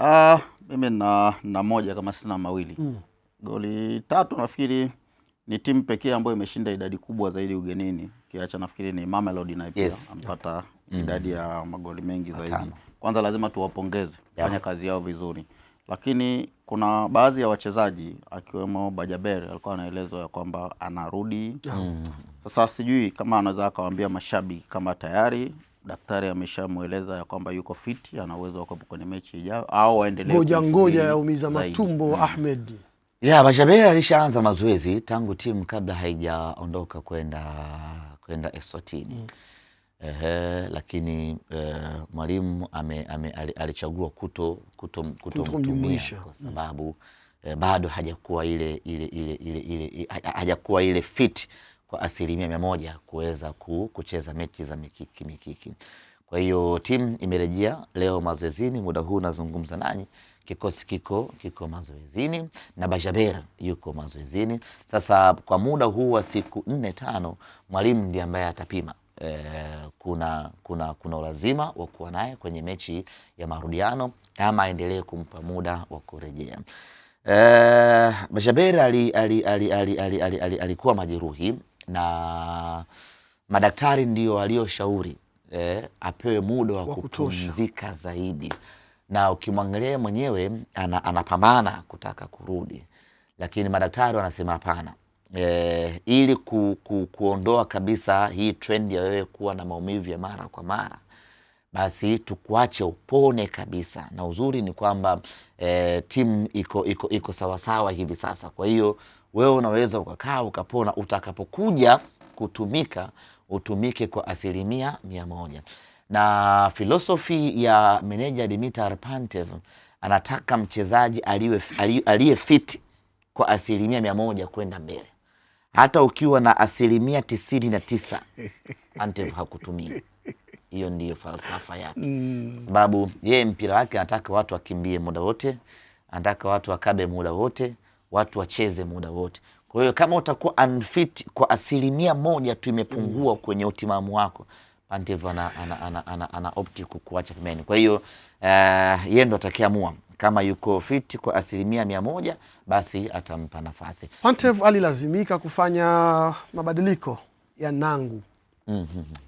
Ah, mimi na, na moja kama sina mawili mm. Goli tatu nafikiri ni timu pekee ambayo imeshinda idadi kubwa zaidi ugenini, kiacha nafikiri ni Mamelodi na pia yes. Ampata mm. idadi ya magoli mengi zaidi Kwanza lazima tuwapongeze yeah. Fanya kazi yao vizuri, lakini kuna baadhi ya wachezaji akiwemo Bajaber alikuwa anaelezwa ya kwamba anarudi mm. Sasa sijui kama anaweza akawaambia mashabiki kama tayari daktari ameshamweleza ya kwamba yuko fiti, ana uwezo wa kuwepo kwenye mechi ijayo au aendelee. Ngoja ngoja yaumiza matumbo yeah. Hmm. Ahmed ya Majabel alishaanza mazoezi tangu timu kabla haijaondoka kwenda kwenda Eswatini mm. Ehe, lakini e, mwalimu alichagua kuto kutomtumia kuto kwa hmm. sababu mm. e, bado hajakuwa ile ile ile ile hajakuwa ile fit kwa asilimia mia moja kuweza kucheza mechi za mikiki mikiki. Kwa hiyo timu imerejea leo mazoezini, muda huu nazungumza nanyi, kikosi kiko kiko mazoezini na Bajaber yuko mazoezini. Sasa kwa muda huu wa siku nne tano, mwalimu ndiye ambaye atapima e, kuna, kuna, kuna ulazima wa kuwa naye kwenye mechi ya marudiano ama aendelee kumpa muda wa kurejea. Uh, eh, Bajaber alikuwa majeruhi na madaktari ndio walioshauri eh, apewe muda wa kupumzika zaidi, na ukimwangalia mwenyewe ana, anapambana kutaka kurudi, lakini madaktari wanasema hapana. Eh, ili ku, ku, kuondoa kabisa hii trend ya wewe kuwa na maumivu ya mara kwa mara basi tukuache upone kabisa. Na uzuri ni kwamba e, timu iko iko iko sawasawa hivi sasa. Kwa hiyo wewe unaweza ukakaa ukapona, utakapokuja kutumika utumike kwa asilimia mia moja. Na filosofi ya meneja Dimitar Pantev anataka mchezaji aliye fiti kwa asilimia mia moja kwenda mbele. Hata ukiwa na asilimia tisini na tisa Pantev hakutumia hiyo ndiyo falsafa yake mm. sababu yeye mpira wake anataka watu wakimbie muda wote, anataka watu wakabe muda wote, watu wacheze muda wote. Kwa hiyo kama utakuwa unfit kwa asilimia moja tu imepungua mm. kwenye utimamu wako Pantev ana, ana, ana, ana, ana opti kukuacha pembeni. Kwa hiyo uh, yeye ndo atakiamua kama yuko fiti kwa asilimia mia moja basi atampa nafasi. Pantev alilazimika kufanya mabadiliko ya nangu mm -hmm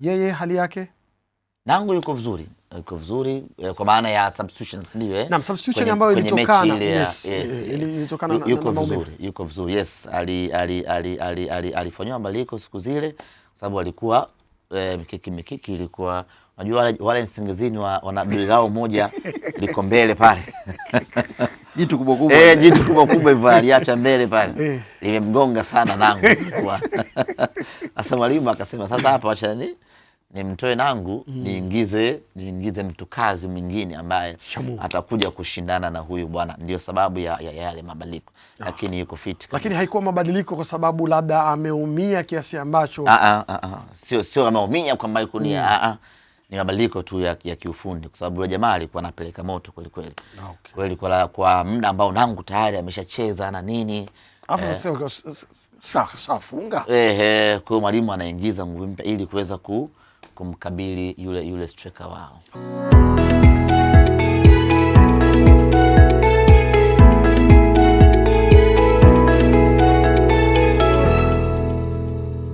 yeye hali yake Nangu yuko vizuri, yuko vizuri eh, kwa maana ya substitutions ndiwe. na substitution eh? ambayo ilitokana yes, yes, eh, ilitokana na yuko vizuri, yuko vizuri. Yes, ali ali ali ali ali alifanywa mabadiliko siku zile kwa sababu alikuwa eh, mikiki mikiki ilikuwa unajua wale nsingizini wa wanadulilao moja liko mbele pale jitu kubwa kubwa eh, jitu kubwa kubwa hivyo aliacha mbele pale, limemgonga eh. sana nangu kwa sasa. Mwalimu akasema sasa hapa acha ni nimtoe nangu mm. niingize niingize mtu kazi mwingine ambaye Shamu. atakuja kushindana na huyu bwana. Ndio sababu ya yale ya, ya mabadiliko ah. Lakini yuko fit, lakini haikuwa mabadiliko kwa sababu labda ameumia kiasi ambacho, ah, ah, ah, sio sio ameumia kwamba yuko ni mm ni mabadiliko tu ya, ya kiufundi kwa sababu yule jamaa alikuwa anapeleka moto kweli kweli. Ah, okay. Kwa kwa, kwa muda ambao nangu tayari ameshacheza na nini eh. safunga eh, eh, kwa hiyo mwalimu anaingiza nguvu mpya ili kuweza ku, kumkabili yule, yule striker wao.